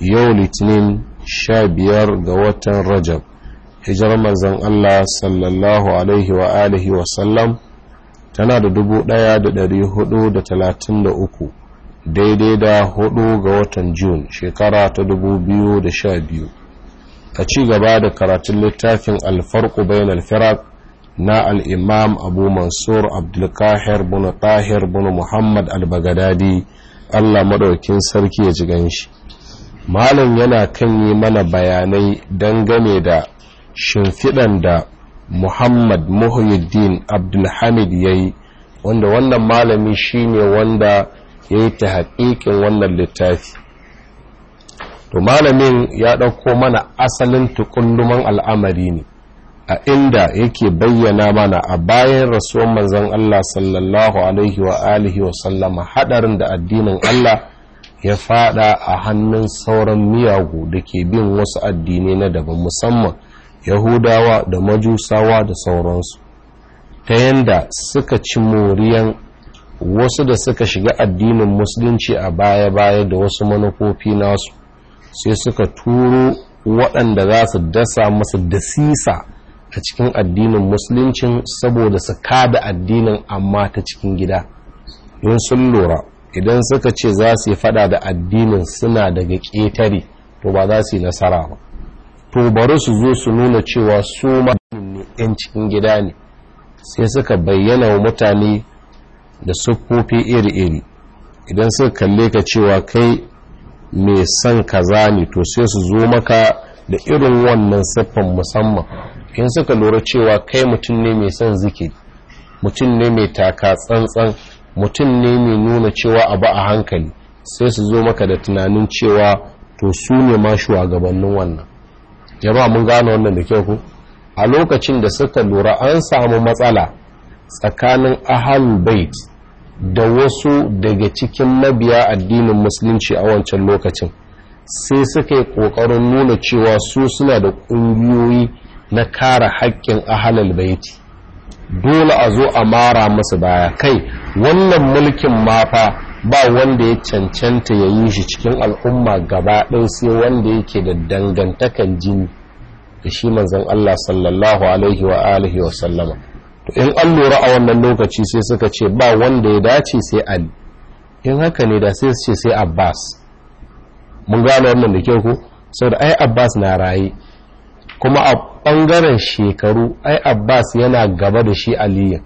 yau litinin sha biyar ga watan rajab hijirar manzan Allah sallallahu alaihi wa alihi tana da dubu ɗaya da dari hudu da talatin da uku daidai da hudu ga watan Jun shekara ta dubu biyu da sha biyu a ci gaba da karatun littafin alfarku bayan alfirak na al'imam abu mansur abdulkahir bunu tahir bunu muhammad albagadadi Allah maɗaukin sarki ya ji ganshi malam yana kan yi mana bayanai game da shimfiɗan da muhammad muhyiddin abdulhamid ya yi wanda wannan malami shine wanda ya yi ta haƙiƙin wannan littafi to malamin ya ɗauko mana asalin tukunduman al'amari ne a inda yake bayyana mana a bayan rasuwan manzan Allah sallallahu alaihi wa alihi wa haɗarin da addinin Allah ya fada a hannun sauran miyagu da ke bin wasu addinai na daban musamman yahudawa da majusawa da sauransu ta yadda suka ci moriyan wasu da suka shiga addinin musulunci a baya-baya da wasu manufofi nasu sai suka turo waɗanda za su dasa masu dasisa a cikin addinin musuluncin saboda su kada addinin amma ta cikin gida yin sun lura idan suka ce za su yi fada da addinin suna daga ƙetare to ba za su yi nasara ba to bari su zo su nuna cewa su ma ne 'yan cikin gida ne sai suka bayyana wa mutane da siffofi iri-iri idan suka kalle ka cewa kai mai son kaza ne to sai su zo maka da irin wannan siffan musamman in suka lura cewa kai mutum ne mai son zikiri mutum ne mai taka tsantsan mutum ne mai nuna cewa abu a hankali sai su zo maka da tunanin cewa to su ne ma shugabannin wannan jama'a mun gane wannan da kyau ku a lokacin da suka lura an samu matsala tsakanin ahal bait da wasu daga cikin mabiya addinin musulunci a wancan lokacin sai suka yi ƙoƙarin nuna cewa su suna da ƙungiyoyi na kare haƙƙin ahalal baiti dole a zo a mara masu baya kai wannan mulkin mafa ba wanda ya cancanta ya yi shi cikin al'umma gaba ɗaya sai wanda yake da dangantakan jini da shi manzan Allah sallallahu alaihi wa alihi wa sallama to in an lura a wannan lokaci sai suka ce ba wanda ya dace sai Ali in haka ne da sai su ce sai Abbas mun gano wannan da kyau ko saboda ai Abbas na raye kuma a ɓangaren shekaru ai Abbas yana gaba da shi Aliyu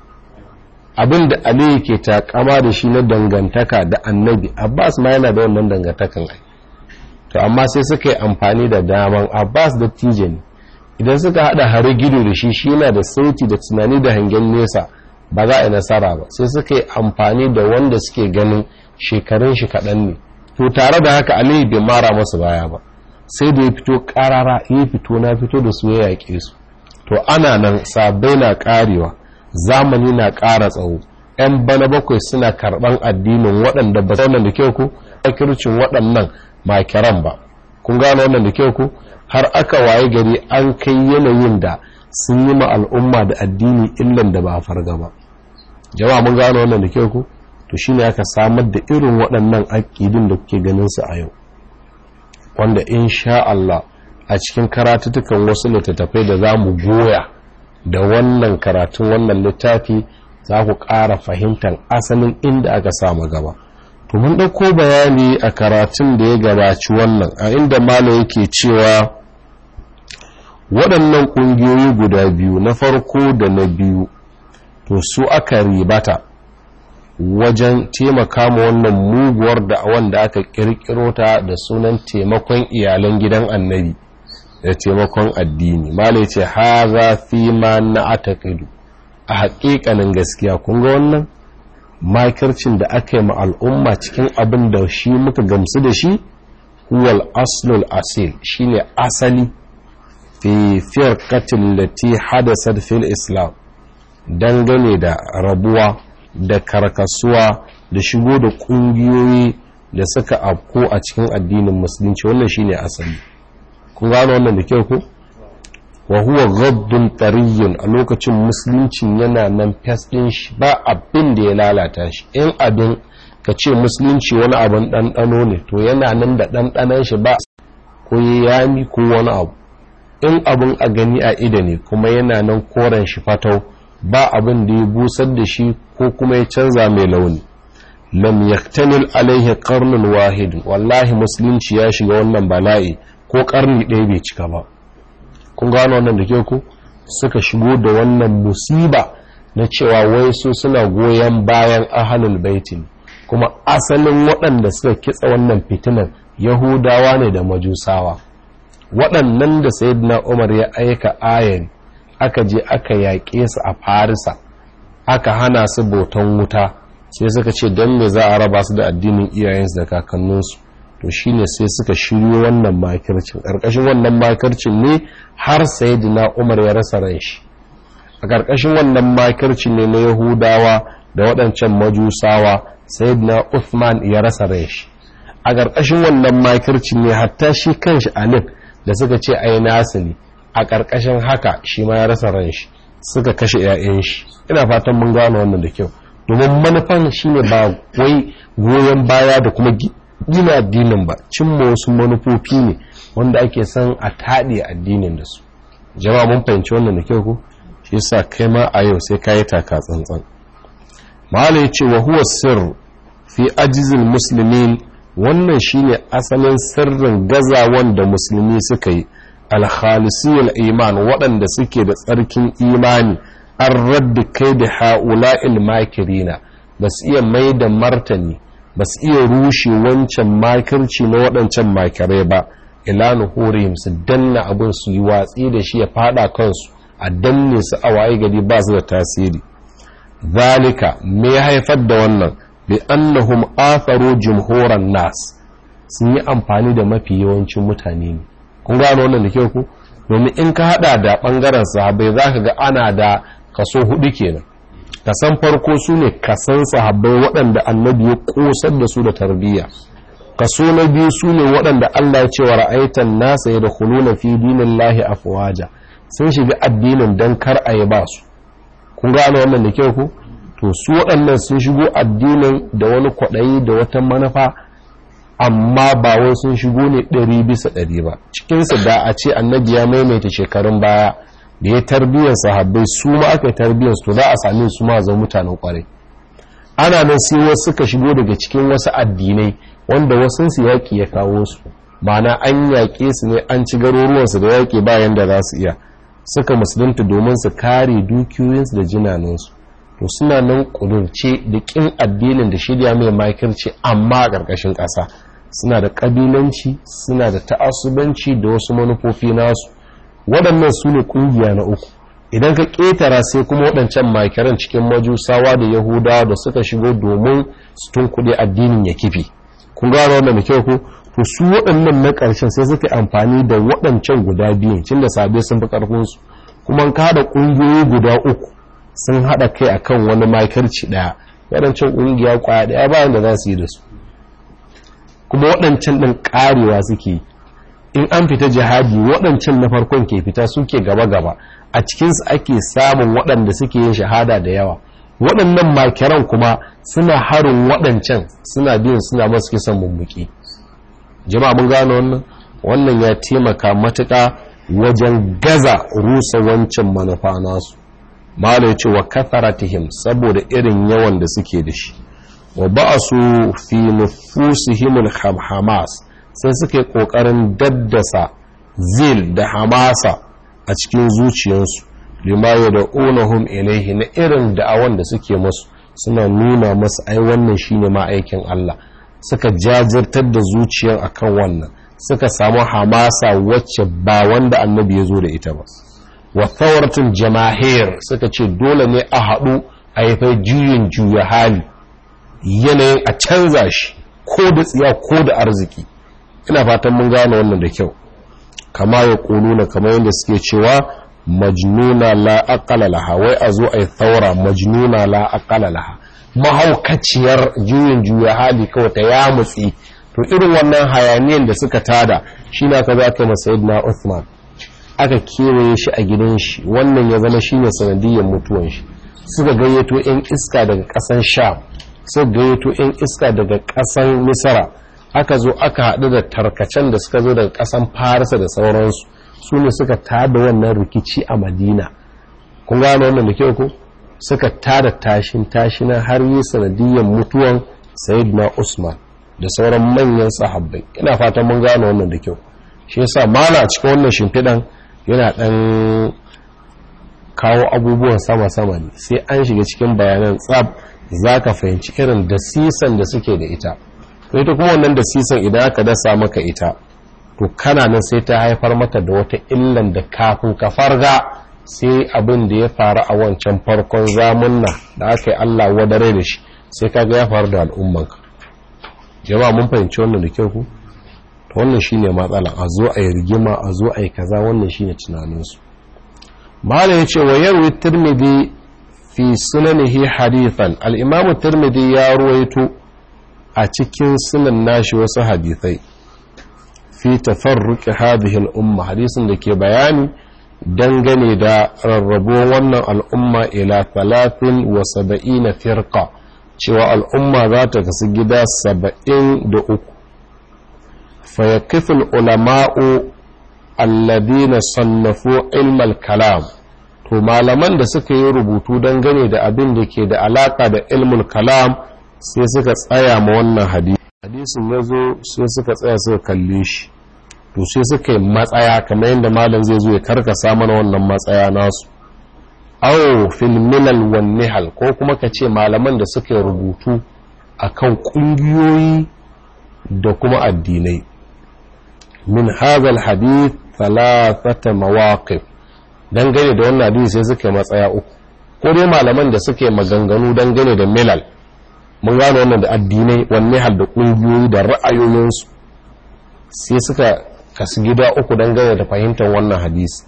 abin da aliyu ke takama da shi na dangantaka da annabi abbas ma yana da wannan dangantakan ai to amma sai suka yi amfani da daman abbas da tijani idan suka haɗa hare gido da shi shi yana da sauti da tunani da hangen nesa ba za a yi nasara ba sai suka yi amfani da wanda suke ganin shekarun shi kaɗan ne to tare da haka aliyu bai mara masu baya ba sai da ya fito karara ya fito na fito da su ya yaƙe su to ana nan sabai na ƙarewa zamani na ƙara tsawo ‘yan bana bakwai suna karɓan addinin waɗanda ba wannan da kyau ku a kircin waɗannan makiran ba kun gano wannan da kyau ku har aka waye gari an kai yanayin da sun yi ma al'umma da addini illan da ba a farga ba jama'a mun gano wannan da kyau ku to shine aka samar da irin waɗannan aƙidin da kuke ganin su a yau wanda insha Allah a cikin karatutukan wasu littattafai da za mu goya da wannan karatun wannan littafi za ku ƙara fahimtar asalin inda aka samu gaba to mun ɗauko bayani a karatun da ya gabaci wannan a inda malo yake cewa waɗannan ƙungiyoyi guda biyu na farko da na biyu to su aka ribata wajen taimaka ma wannan muguwar da wanda aka ƙirƙiro ta da sunan taimakon iyalan gidan annabi da taimakon addini mala ya ce haza fi ma na atakidu a haƙiƙanin gaskiya kun ga wannan makircin da aka yi ma al'umma cikin abin da shi muka gamsu da shi huwal aslul asil shine asali fi da lati hadasat fil islam dangane da rabuwa da karkasuwa da shigo da ƙungiyoyi da suka afko a cikin addinin musulunci wannan shine asali kun gano wannan da kyau ko wa huwa ghaddun tariyin a lokacin musuluncin yana nan fes shi ba abin da ya lalata shi in abin ka ce musulunci wani abin ɗanɗano ne to yana nan da ɗanɗanon shi ba ko ya yami ko wani abu in abin a gani a ida ne kuma yana nan koren shi fatau ba abin da ya busar da shi ko kuma ya canza mai launi lam yaktanil alaihi qarnul wahid wallahi musulunci ya shiga wannan bala'i ko karni ɗaya bai cika ba kun gano wannan da ke ku suka shigo da wannan musiba na cewa wai su suna goyon bayan ahalul baitin kuma asalin waɗanda suka kitsa wannan fitinan yahudawa ne da majusawa waɗannan da na umar ya aika ayan aka je aka yaƙe su a farisa aka hana su boton wuta sai suka ce don me za a raba su da addinin iyayensu da kakanninsu to shine sai suka shiryo wannan makircin ƙarƙashin wannan makircin ne har sayyidina Umar ya rasa ran shi a ƙarƙashin wannan makircin ne na Yahudawa da waɗancan majusawa sayyidina Uthman ya rasa ran shi a ƙarƙashin wannan makircin ne hatta shi kanshi Alif da suka ce ai nasili a ƙarƙashin haka shi ma ya rasa ran shi suka kashe 'ya'yan shi ina fatan mun gano wannan da kyau domin manufan shine ba wai goyon baya da kuma gina addinin ba cimma wasu manufofi ne wanda ake san a taɗe addinin da su jama'a mun fahimci wannan da kyau ko shi sa kai ma a yau sai kayi taka tsantsan mala ya ce wa huwa sir fi ajizin muslimin wannan shine asalin sirrin gazawan da musulmi suka yi alhalisiyar iman waɗanda suke da tsarkin imani an raddi kai da ha'ula'il makirina ba su iya mai da martani ba su iya rushe wancan makirci na waɗancan makirai ba ila nuhurihim su danna abin su yi watsi da shi ya fada kansu a danne su a waye gari ba su da tasiri zalika me ya haifar da wannan bi annahum atharu jumhuran nas sun yi amfani da mafi yawancin mutane ne kun gano wannan da ke ku domin in ka hada da bangaren sahabbai zaka ga ana da kaso hudu kenan kasan farko su ne kasan sahabbai waɗanda annabi ya ƙosar da su da tarbiyya kaso na biyu su ne waɗanda Allah ya ce wa ra'aitan nasa ya da huluna fi dinin lahi fuwaja sun shiga addinin don kar a yi ba su kun gane wannan da kyau ku to su waɗannan sun shigo addinin da wani kwaɗayi da wata manufa amma ba wai sun shigo ne ɗari bisa ɗari ba cikinsu da a ce annabi ya maimaita shekarun baya da ya tarbiyyar sahabbai su ma aka tarbiyyar su to za a sami su ma zama mutanen kwarai ana nan sai wasu suka shigo daga cikin wasu addinai wanda wasu su yaƙi ya kawo su mana an yaƙe su ne an ci garuruwansu da yaƙi bayan da za su iya suka musulunta domin su kare dukiyoyinsu da jinaninsu to suna nan ƙudurce da ƙin addinin da shirya mai makirci amma a ƙarƙashin ƙasa suna da ƙabilanci suna da ta'asubanci da wasu manufofi nasu waɗannan su ne ƙungiya na uku idan ka ƙetara sai kuma waɗancan makiran cikin majusawa da yahudawa da suka shigo domin su tun kuɗi addinin ya kifi kun gano wannan mai kyau ku to su waɗannan na ƙarshen sai suka amfani da waɗancan guda biyun cin da sabe sun fi ƙarfinsu kuma ka haɗa ƙungiyoyi guda uku sun haɗa kai akan wani makirci ɗaya waɗancan ƙungiya ƙwaya ɗaya bayan da za su yi da su kuma waɗancan ɗin ƙarewa suke yi in an fita jihadi waɗancan na farkon ke fita suke gaba-gaba a cikinsu ake samun waɗanda suke yin shahada da yawa waɗannan makiran kuma suna harin waɗancan suna biyun suna masu kisan mummuki jama'a mun gano wannan wannan ya taimaka matuka wajen gaza rusa wancan manufa nasu malo ya ce wa saboda irin yawan da suke da shi wa su fi nufusu al-hamas sai suka yi ƙoƙarin daddasa zil da hamasa a cikin zuciyarsu limaye da unahum ilaihi na irin da'awan da suke masu suna nuna masu ai wannan shine ma'aikin Allah suka jajirtar da zuciyar kan wannan suka samu hamasa wacce ba wanda annabi ya zo da ita ba wa thawaratun jama'ir suka ce dole ne a haɗu a haifai juyin juya hali yanayin a canza shi ko da tsiya ko da arziki ina fatan mun gane wannan da kyau kama ya kuluna kamar yadda suke cewa majnuna la aqala laha wai a zo ai thaura majnuna la aqala laha mahaukaciyar juyin juya hali kawai ta ya mutsi to irin wannan hayaniyan da suka tada shi na ka za ka ma sayyidina Uthman aka kewaye shi a gidan shi wannan ya zama shine sanadiyar mutuwan shi suka gayyato 'yan iska daga ƙasan Sham suka gayyato 'yan iska daga ƙasan Misra aka zo aka haɗu da tarkacen da suka zo daga ƙasan farisa da sauransu su ne suka tada wannan rikici a madina kun gano wannan da kyau ku suka tada tashin tashinan har yi sanadiyyar mutuwan na usman da sauran manyan sahabbai ina fatan mun gano wannan da kyau shi yasa mala cikin wannan shimfiɗan yana ɗan kawo abubuwan sama-sama ne sai an shiga cikin bayanan tsab za ka fahimci irin dasisan da suke da ita to ita kuma wannan da sisan idan aka dasa maka ita to kana nan sai ta haifar mata da wata illan da kafin ka farga sai abin da ya faru a wancan farkon zamunna da aka yi Allah wadare da shi sai ga ya faru da al'ummanka jama'a mun fahimci wannan da kyau ku to wannan shine matsala a zo a yi rigima a zo a yi kaza wannan shine tunaninsu malam yace wa yarwi tirmidhi fi sunanihi hadithan al-imam tirmidhi ya ruwaito a cikin sunan nashi wasu hadithai fi tafarruqi hadhihi umma hadisin da ke bayani dangane da rarrabo wannan al'umma ila na firqa cewa al'umma za ta kasu gida 73 uku. yaqifu al-ulama'u alladhina sannafu ilmal kalam to malaman da suka yi rubutu dangane da abin da ke da alaka da ilmul kalam sai suka tsaya ma wannan hadisun hadisin ya zo sai suka tsaya suka kalle shi to sai suka yi matsaya kamar yadda malam zai zo ya karkasa mana wannan matsaya nasu awo filminal wannihal ko kuma ka ce malaman da suka rubutu a kan ƙungiyoyi da kuma addinai min hazal hadith thalathata mawaqif dangane da wannan hadisi sai suka yi matsaya uku ko dai malaman da suka yi maganganu dangane da milal mun gano wannan da addinai wanne hal da ƙungiyoyi da ra'ayoyinsu sai suka kasu gida uku dangane da fahimtar wannan hadisi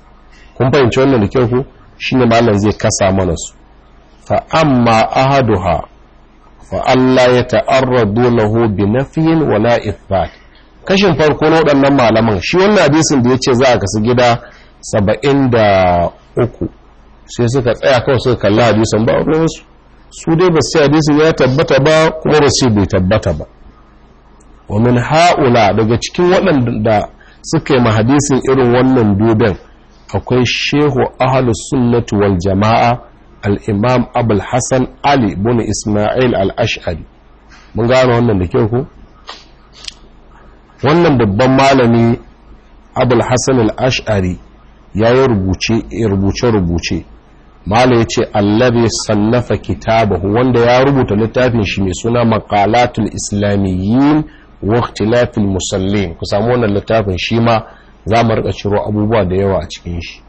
kun fahimci wannan da kyau ku ne malam zai kasa mana su fa amma ha fa Allah ya ta'arradu lahu bi nafyin wa la ithbat kashin farko na waɗannan malaman shi wannan hadisin da yace za a kasu gida saba'in da uku sai suka tsaya kawai suka kalla hadisin ba su. su dai ba sai hadisin ya tabbata ba kuma ba sai bai tabbata ba wa min haula daga cikin waɗanda suka yi hadisin irin wannan duben akwai shehu ahlus sunnati wal jama'a al-imam abul hasan ali bin isma'il al-ash'ari mun gano wannan da kyau ko wannan babban malami abul hasan al-ash'ari ya yi rubuce-rubuce malai ya ce allabi sallafa kitabu wanda ya rubuta littafin shi mai suna makalatul islamiyyin wa ikhtilafil musallin ku samu wannan littafin shi ma za mu rika ciro abubuwa da yawa a cikin shi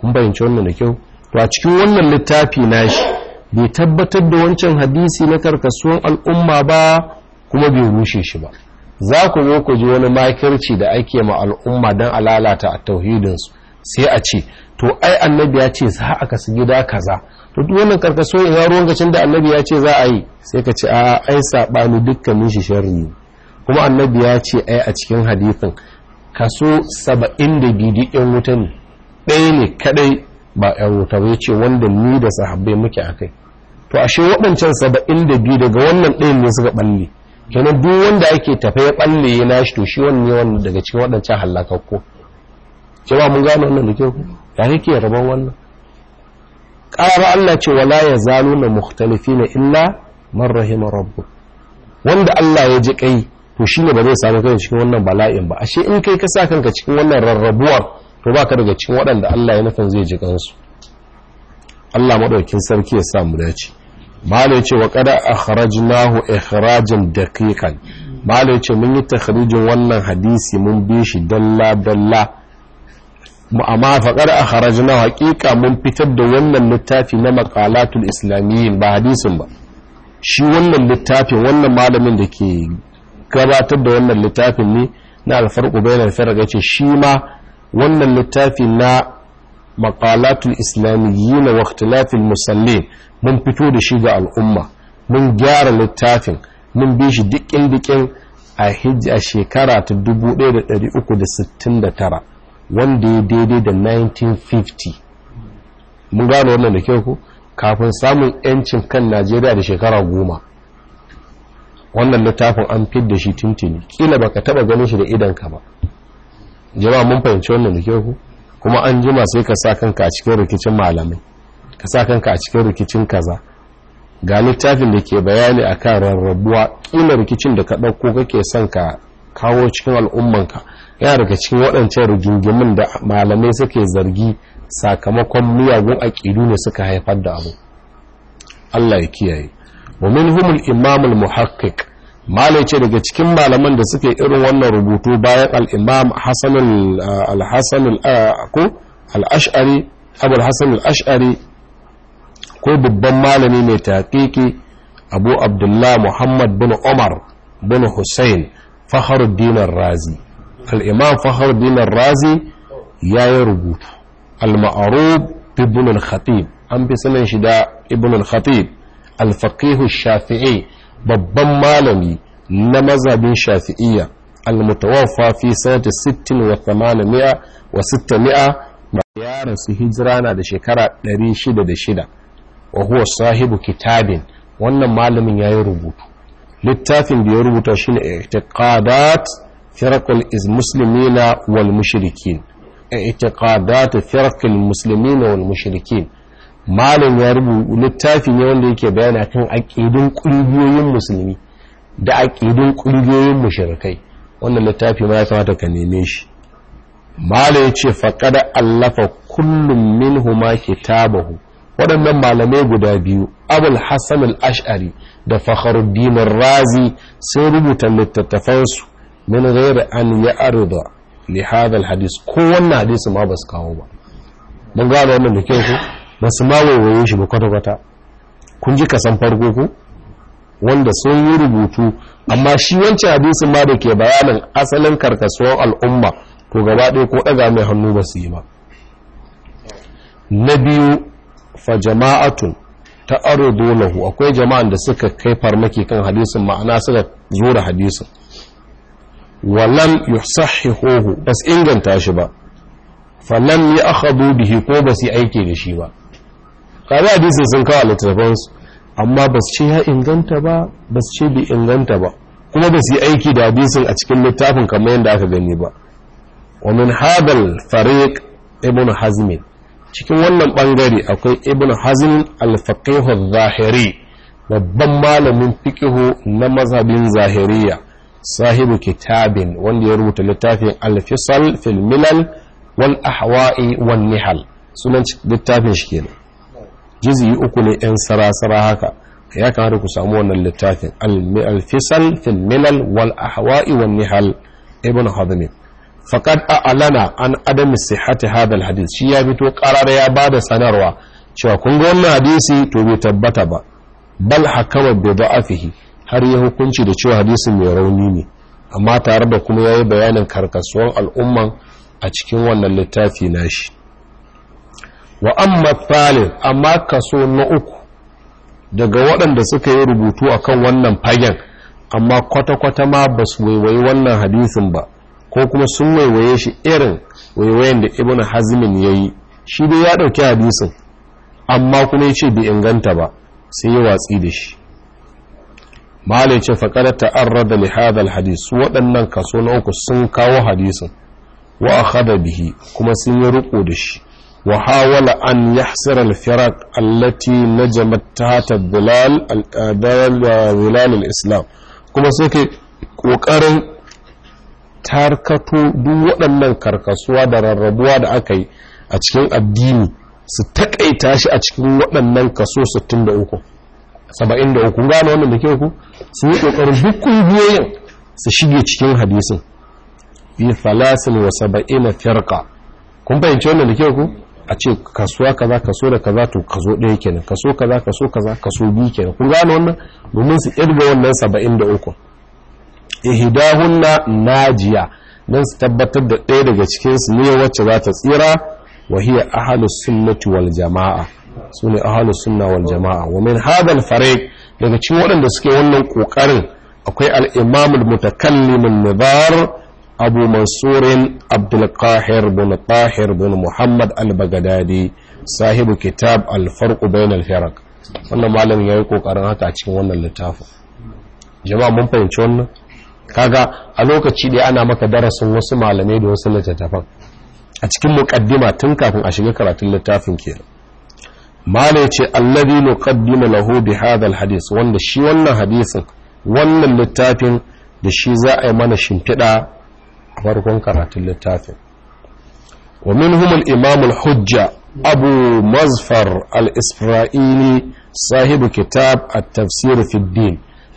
kun bayyance wannan da kyau to a cikin wannan littafi na shi bai tabbatar da wancan hadisi na karkasuwan al'umma ba kuma bai rushe shi ba za ku ku ji wani makirci da ake ma al'umma don alalata a tauhidinsu sai a ce to ai annabi ya ce za a kasu gida kaza to duk wannan karkaso ina ruwan da annabi ya ce za a yi sai ka ce a ai sabani dukkanin shi sharri kuma annabi ya ce ai a cikin hadithin kaso 72 duk yan wuta ne ɗaya ne kadai ba yan wuta ba ce wanda ni da sahabbai muke akai to ashe waɗancan 72 daga wannan ɗayan ne suka balle kenan duk wanda ake tafe ya balle ya nashi to shi wannan ne wanda daga cikin waɗancan halakakku cewa mun gano wannan da kyau ya kake rabon wannan ƙara Allah ce wala ya zalu na muhtalifi na illa man rahima rabbu wanda Allah ya ji kai to shi ne ba zai samu kai cikin wannan bala'in ba ashe in kai ka sa kanka cikin wannan rarrabuwar to baka daga cikin waɗanda Allah ya nufin zai ji kansu Allah madaukin sarki ya samu dace malo ya ce wa qad akhrajnahu ikhrajan daqiqan mala ya ce mun yi takhrijin wannan hadisi mun bi shi dalla dalla mu amma faƙar a na haƙiƙa mun fitar da wannan littafi na makalatul islamiyyin ba hadisin ba shi wannan littafin wannan malamin da ke gabatar da wannan littafin ne na alfarƙu bayan alfarƙa ce shi ma wannan littafi na makalatul islamiyyin na ikhtilafil musallin mun fito da shi ga al'umma mun gyara littafin mun bi shi dikin dikin a hijja shekara ta 1369 wanda ya daidai da 1950 mun gano wannan da kyau ku kafin samun yancin kan najeriya da shekara goma wannan littafin an fi da shi tuntuni kila ba ka taba ganin shi da ka ba jama'a mun fahimci wannan da kyau ku kuma an jima sai ka sa kanka a cikin rikicin malamai ka sa kanka a cikin rikicin kaza ga littafin da ke bayani a kan rarrabuwa kila rikicin da ka ɗauko kake son ka kawo cikin al'ummanka yana daga cikin waɗancan rigingimin da malamai suke zargi sakamakon miyagun aƙidu ne suka haifar da abu Allah ya kiyaye mumin humul imamul muhakkik malai ce daga cikin malaman da suke irin wannan rubutu bayan al'imam uh, al-hassan uh, ko babban malami mai taƙiƙi abu abdullah muhammad bin umar bin hussein faharuddin razi al'imam fahar dinar razi ya yi rubutu al-ma'arub ibn al-khatib an fi sanin shi da ibn al-khatib al-faqihu shafi'i babban malami na mazabin shafi'iyya al-mutawaffa fi sanata 60 wa 800 wa 600 ya rasu hijira na da shekara 606 wa huwa sahibu kitabin wannan malamin ya yi rubutu littafin da ya rubuta shi ne firqul is muslimina walmushirikin, mushrikin i'tiqadat firqul muslimina malam ya rubuta littafi ne wanda yake bayana kan aƙidin ƙungiyoyin musulmi da aƙidin ƙungiyoyin mushrikai wannan littafi ma ya kamata ka neme shi malam ce faqad allafa kullum minhuma kitabahu waɗannan malamai guda biyu abul Al-Ash'ari da fakhruddin razi sun rubuta littattafansu min ghairi an ya'rida li hadha alhadith ko wannan hadisi ma basu kawo ba mun ga wannan da kyau ba su ma wayoyin shi ba kwata kwata kun ji kasan farko ko wanda sun yi rubutu amma shi wancan hadisin ma da ke bayanin asalin karkasuwar al'umma to gaba ɗaya ko ɗaga mai hannu ba su yi ba na biyu fa jama'atun ta aro lahu akwai jama'an da suka kai farmaki kan hadisin ma'ana suka zura hadisin walam yusahhihuhu bas inganta shi ba falam ya akhadu bihi ko ba su aiki da shi ba kaza hadisin sun kawo littattafan su amma ba su ce ya ba ba su ce bai ba kuma ba su yi aiki da hadisin a cikin littafin kamar yadda aka gani ba wa min hadal fariq ibn hazm cikin wannan ɓangare akwai ibn hazm al zahiri babban malamin fiqh na mazhabin zahiriya sahibu kitabin wanda ya rubuta littafin alfisal filmilal wal ahwa'i wal nihal sunan littafin shi kenan jizi uku ne yan sarasara haka ya kamata ku samu wannan littafin alfisal filmilal wal ahwa'i wal nihal ibn hadmin faqad a'lana an adami sihhati hadha al hadith shi ya fito qarara ya bada sanarwa cewa kun ga wannan hadisi to bai tabbata ba bal hakama bi da'afihi har ya hukunci da cewa hadisin mai rauni ne amma tare da kuma ya yi bayanin karkasuwan al'umman a cikin wannan littafi nashi wa amma thalith amma kaso na uku daga waɗanda suka yi rubutu akan wannan fagen amma kwata-kwata ma ba su waiwayi wannan hadisin ba ko kuma sun waiwaye shi irin waiwayen da ibn hazmin ya yi shi dai ya ɗauki hadisin amma kuma ya ce bai inganta ba sai ya watsi da shi ya ce faƙar ta'arrada li hadal hadis waɗannan kaso na uku sun kawo hadisin wa akhada bihi kuma sun yi riko da shi wa hawala an yahsir Firak, firaq allati jamata ta bilal al bilal islam kuma suke ƙoƙarin tarkato duk waɗannan karkasuwa da rarrabuwa da aka yi a cikin addini su taƙaita shi a cikin waɗannan kaso 63 73 gane wannan da ke ku su yi ƙoƙarin duk ƙungiyoyin su shige cikin hadisin fi falasin wa na firqa kun fahimci wannan da kyau ku a ce kasuwa kaza kaso da kaza to kaso ɗaya kenan kaso kaza kaso kaza kaso biyu kenan kun gane wannan domin su ƙirga wannan saba'in da uku na najiya dan su tabbatar da ɗaya daga cikin su ne wacce za ta tsira wa hiya ahlus sunnati wal jamaa ne ahlus sunna wal jamaa wa min hadal fariq daga cikin waɗanda suke wannan ƙoƙarin akwai al'imamul mutakallimin nizar abu mansurin abdulkahir bin tahir bin muhammad al-bagadadi sahibu kitab al farku bayan al firak wannan malamin yi ƙoƙarin haka a cikin wannan littafin jama'a mun fahimci wannan kaga a lokaci ɗaya ana maka darasin wasu malamai da wasu littattafan a cikin muƙaddima tun kafin a shiga karatun littafin kenan mala ce allazi nuqaddimu lahu bi hadal hadis wanda shi wannan hadisin wannan littafin da shi za a yi mana shimfiɗa a farkon karatun littafin wa min humul imam hujja abu mazfar al-isra'ili sahibu kitab a tafsir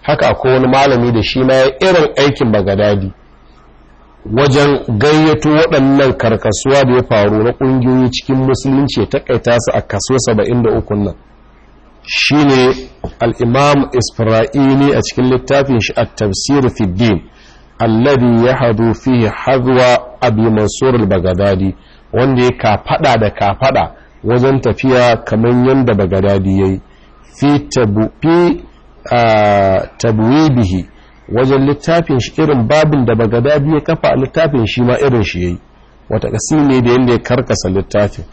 haka akwai wani malami da shi ma ya irin aikin bagadadi wajen gayyato waɗannan karkasuwa da ya faru na ƙungiyoyi cikin musulunci ya taƙaita su a kaso 73 nan shi ne al'imam isra'ili a cikin littafin shi a tafsir fiddin alladi ya hadu fi hazuwa abu mansur al-bagadadi wanda ya kafaɗa da kafaɗa wajen tafiya kamar yadda bagadadi ya yi fi ah, bihi wajen littafin shi irin babin da bagadadi ya kafa a littafin shi ma irin shi yayi wata kasi ne da yadda ya karkasa littafin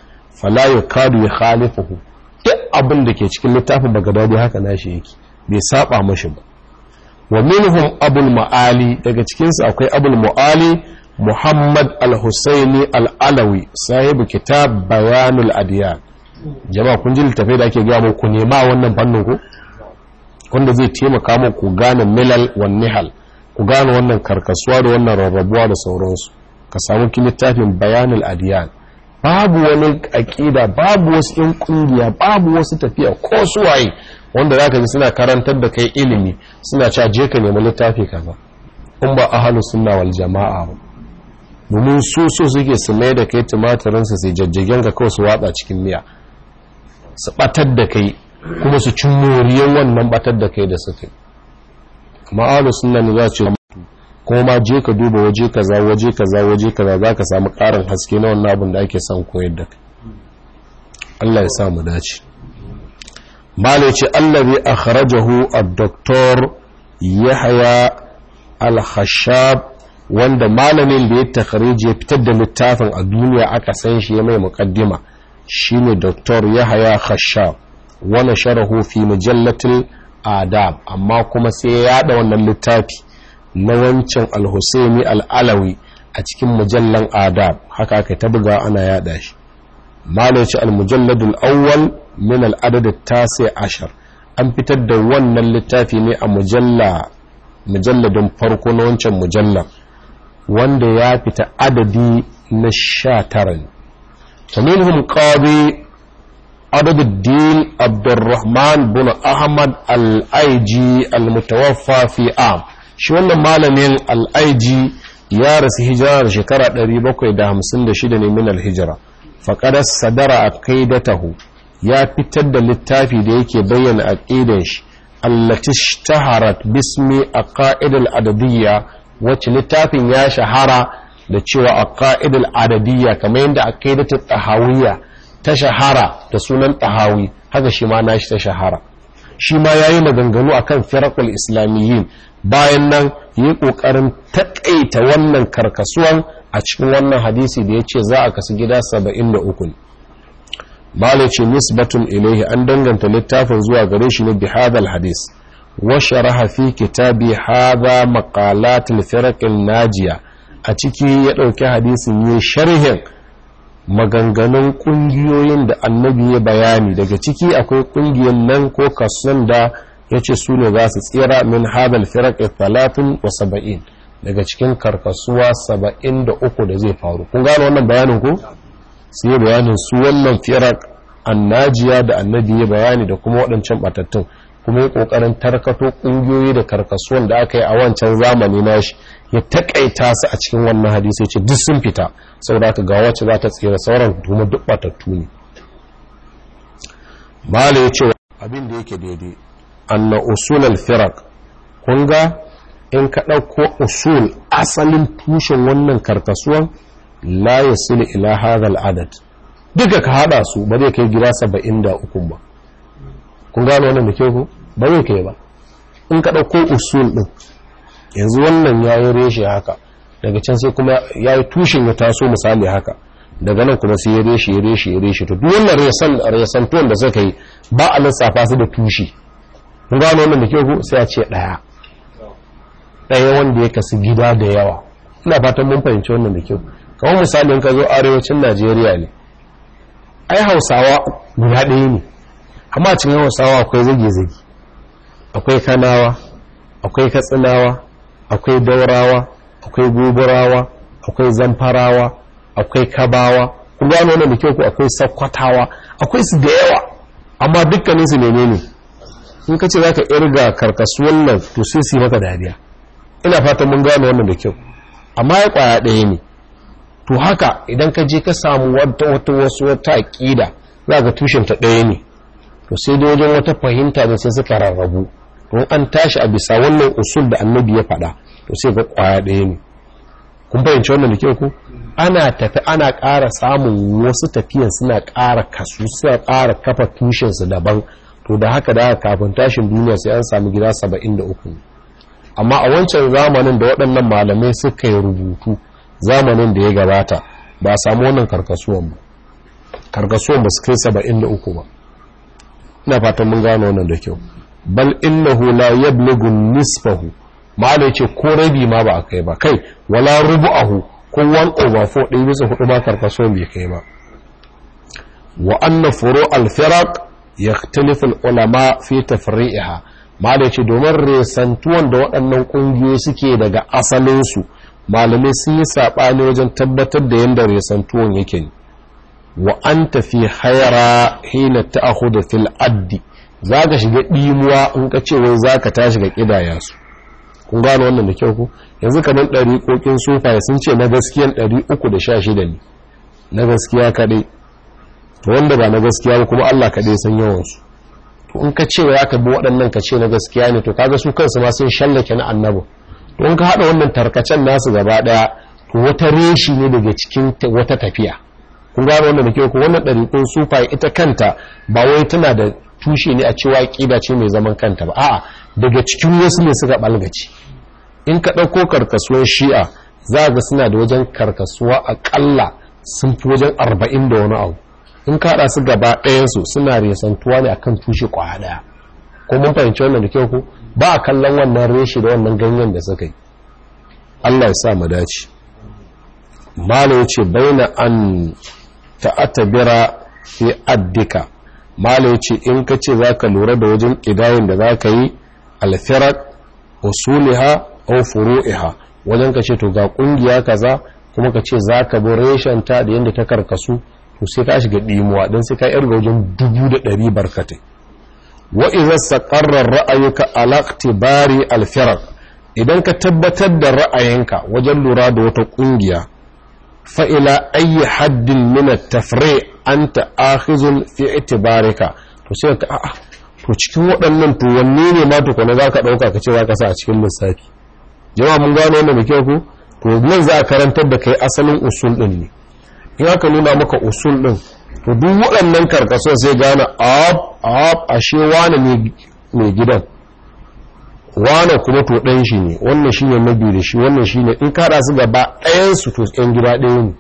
fala ya kadu ya khalifahu duk abin da ke cikin littafin bagadadi haka nashi yake bai saba mashi ba wa minhum abul ma'ali daga cikinsu akwai abul mu'ali muhammad al-husaini al-alawi sahibu kitab bayanul adiyan jama'a kun ji littafai da ake gaya ku nema wannan fannin ku wanda zai taimaka mu ku gane milal wan nihal ku gane wannan karkasuwa da wannan rarrabuwa da sauransu ka samu ki littafin bayanul adiyan babu wani aqida babu wasu yan kungiya babu wasu tafiya ko suwaye wanda zaka ji suna karantar da kai ilimi suna cewa je ka nemi littafi kaza in ba ahlus sunna wal jamaa ba domin su so suke su mai da kai tumatirinsu sai jajjagen ka kawai su watsa cikin miya su batar da kai kuma su cin moriyar wannan batar da kai da suke amma ahlus sunna ne za ce kuma je ka duba waje kaza waje kaza waje kaza ka samu karin haske na wannan abin da ake son koyar da kai Allah ya sa mu dace malaci ce allazi akhrajahu ad-doktor yahya al-khashab wanda malamin da ya takhrije ya fitar da littafin a duniya aka san shi ya mai muqaddima shine doktor yahya khashab wani sharahu fi mujallatul adab amma kuma sai ya yada wannan littafi na wancan alhussaini al'alawi a cikin mujallan adab haka aka ta buga ana yada shi malaci al-mujalladul awwal min al-adad at ashar an fitar da wannan littafi ne a mujalla mujalladin farko na wancan mujallar wanda ya fita adadi na sha tara ne. Tamilhum qadi عبد الدين bin Ahmad بن أحمد الأيجي المتوفى في عام shi wannan malamin al'aiji ya rasu hijira da hamsin da shida ne min alhijira faƙadar sadara a kaidatahu ya fitar da littafi da yake bayyana aƙidan shi allati ishtaharat bismi a ƙa'idar adadiyya wacce littafin ya shahara da cewa a ƙa'idar adadiyya kamar yadda a kaidatar tahawiyya ta shahara da sunan tahawi haka shi ma shi ta shahara shi ma ya yi maganganu a kan firakul islamiyyin bayan nan yi ƙoƙarin taƙaita wannan karkasuwan a cikin wannan hadisi da ya ce za a kasu gida saba'in da uku bala ce nisbatun ilaihi an danganta littafin zuwa gare shi ne bihadal hadis ke fi kitabi hadha maqalatul firaqil najiya a ciki ya ɗauki hadisin yi sharhin maganganun kungiyoyin da annabi ya bayani daga ciki akwai kungiyar nan ko kasan da ya ce su ne za su tsira min hadal firak talatin wa saba'in daga cikin karkasuwa saba'in da uku da zai faru kun gano wannan bayanin ku sai bayanin su wannan firak annajiya da annabi ya bayani da kuma waɗancan batattun kuma ya ƙoƙarin tarkato ƙungiyoyi da karkasuwan da aka yi a wancan zamani nashi ya takaita su a cikin wannan hadisi ce duk sun fita saboda aka ga wacce za ta tsira sauran kuma duk batattu ne mala ya ce abin da yake daidai anna usul al-firaq kun in ka ɗauko usul asalin tushen wannan karkasuwan la yasilu ila hadha al-adad duka ka hada su ba zai kai gida 73 ba kun gano wannan da ke ku ba zai kai ba in ka ɗauko usul din yanzu wannan ya yi reshe haka daga can sai kuma ya yi tushen ya taso misali haka daga nan kuma sai ya reshe ya reshe ya reshe to duk wannan tuwan da suka yi ba a lissafa su da tushe kun gano wannan da ke ku sai a ce ɗaya ɗaya wanda ya kasu gida da yawa ina fatan mun fahimci wannan da kyau kamar misalin ka zo arewacin najeriya ne ai hausawa guda ɗaya ne amma cikin hausawa akwai zage-zage akwai kanawa akwai katsinawa akwai daurawa akwai guburawa akwai zamfarawa akwai kabawa ku gano wannan da kyau ku akwai sakkwatawa akwai su da yawa amma dukkanin su menene in kace zaka za ka irga karkasu nan to sai su yi maka dariya ina fata mun gano wannan da kyau amma ya kwaya ɗaya ne to haka idan ka je ka samu wata wata wasu wata aƙida za ga tushen ta ɗaya ne to sai dai wajen wata fahimta da sai suka rarrabu in an tashi a bisa wannan usul da annabi ya faɗa to sai ga kwaya ɗaya ne kun fahimci wannan da ke ku ana tafi ana ƙara samun wasu tafiyan suna ƙara kasu suna ƙara kafa tushensu daban to da haka da kafin tashin duniya sai an sami gida saba'in amma a wancan zamanin da waɗannan malamai suka yi rubutu zamanin da ya gabata ba a samu wannan karkasuwan ba karkasuwan ba su kai saba'in ba ina fatan mun gano wannan da kyau bal innahu la yablugu nisfahu mala ce ko rabi ma ba kai ba kai wala rubu'ahu ko wan over 4 bisa hudu ba karkaso bai kai ba wa anna furu al-firaq yakhtalifu al-ulama fi tafri'iha mala ce domin resantuwan da waɗannan ƙungiyoyi suke daga asalinsu malamai sun yi saɓani wajen tabbatar da yadda resantuwan yake ne wa anta tafi hayara hina ta'khudhu fil addi za ka shiga ɗimuwa in ka ce wai za ka tashi ga ƙidaya su kun gano wannan da kyau ku yanzu kamar ɗari ƙoƙin sofaye sun ce na gaskiyan ɗari uku da sha shida ne na gaskiya kaɗai to wanda ba na gaskiya ba kuma allah kaɗai san yawansu to in ka ce ya ka bi waɗannan ka ce na gaskiya ne to kaga su kansu ma sun shallake na annabi to in ka haɗa wannan tarkacen nasu gaba ɗaya to wata reshi ne daga cikin wata tafiya kun gano wannan da kyau ku wannan ɗariƙun sufaye ita kanta ba wai tana da tushe ne a cewa ba ce mai zaman kanta ba a'a daga cikin wasu ne suka ɓalgaci in ka ɗauko karkasuwar shi'a za a ga suna da wajen karkasuwa aƙalla sun fi wajen arba'in da wani abu in ka haɗa su gaba ɗayansu suna resantuwa ne akan tushe ƙwaya ɗaya ko mun fahimci wannan da kyau ko ba a kallon wannan reshe da wannan ganyen da suka yi Allah ya sa mu dace malo ce baina an ta'atabira fi addika malai ce in ka ce za ka lura da wajen ƙidayen da za ka yi alfirar usuliha au furu'iha wajen ka ce to ga ƙungiya kaza kuma ka ce za ka bi reshenta da yadda ta karkasu to sai ka shiga ɗimuwa don sai ka yi yarga wajen dubu da ɗari barkatai wa iza saƙarar ra'ayuka bari alfirar idan ka tabbatar da ra'ayinka wajen lura da wata ƙungiya fa'ila أي haddin من التفريع an آخذ في اعتبارك to sai to cikin waɗannan to wanne ne ma tukwane za ka ɗauka ka ce zaka sa a cikin lissafi jama'a mun gano wannan da kyau ku to nan za a karantar da kai asalin usul ɗin ne in aka nuna maka usul ɗin to duk waɗannan karkasar sai gane ab ab ashe ne mai gidan wane kuma to ɗan shi ne wannan shi ne mabi da shi wannan shi ne in kada su gaba ɗayansu to ɗan gida ɗaya ne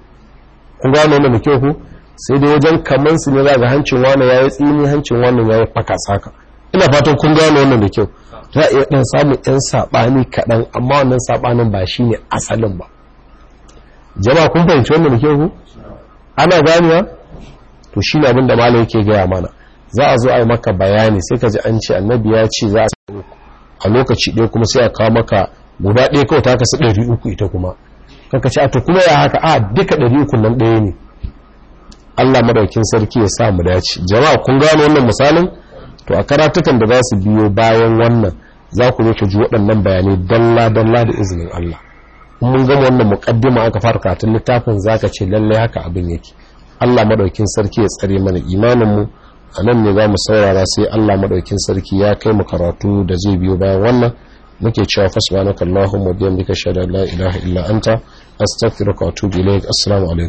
kun gano wannan da kyau ku sai dai wajen kaman su ne za ga hancin wane ya yi tsini hancin wane ya yi faka saka ina fatan kun gano wannan da kyau za a iya ɗan samun ɗan saɓani kaɗan amma wannan saɓanin ba shi ne asalin ba jama kun fahimci wannan da kyau ku ana ganewa to shi ne abin da malam yake gaya mana za a zo a yi maka bayani sai ka ji an ce annabi ya ce za a sa a lokaci ɗaya kuma sai a kawo maka guda ɗaya kawai ta kasu ɗari uku ita kuma kanka ce to kuma ya haka a duka ɗari uku nan ɗaya ne Allah madaukin sarki ya sa mu dace jama'a kun gano wannan misalin to a karatukan da za su biyo bayan wannan za ku zo ku ji waɗannan bayanai dalla dalla da izinin Allah mun gama wannan muƙaddima aka fara katin littafin zaka ce lallai haka abin yake Allah madaukin sarki ya tsare mana imanin mu a nan ne za mu saurara sai allah maɗaukin sarki ya kai mu karatu da zai biyo bayan wannan muke cewa fasbanaka allahumma biyan bika shaida la ilaha illa anta astaghfiruka wa atubu ilaik assalamu alaikum